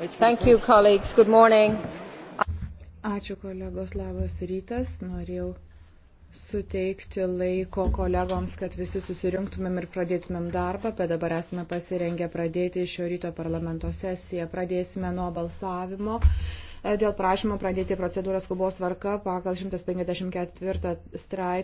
You, Ačiū kolegos, labas rytas. Norėjau suteikti laiko kolegoms, kad visi susirinktumėm ir pradėtumėm darbą, bet dabar esame pasirengę pradėti šio ryto parlamento sesiją. Pradėsime nuo balsavimo dėl prašymo pradėti procedūrą skubos varka pagal 154 straipsnį.